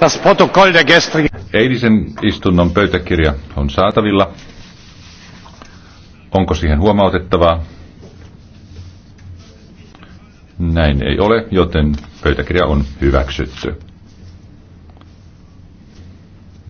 Das Protokoll der gestrigen... Eilisen istunnon pöytäkirja on saatavilla. Onko siihen huomautettavaa? Näin ei ole, joten pöytäkirja on hyväksytty.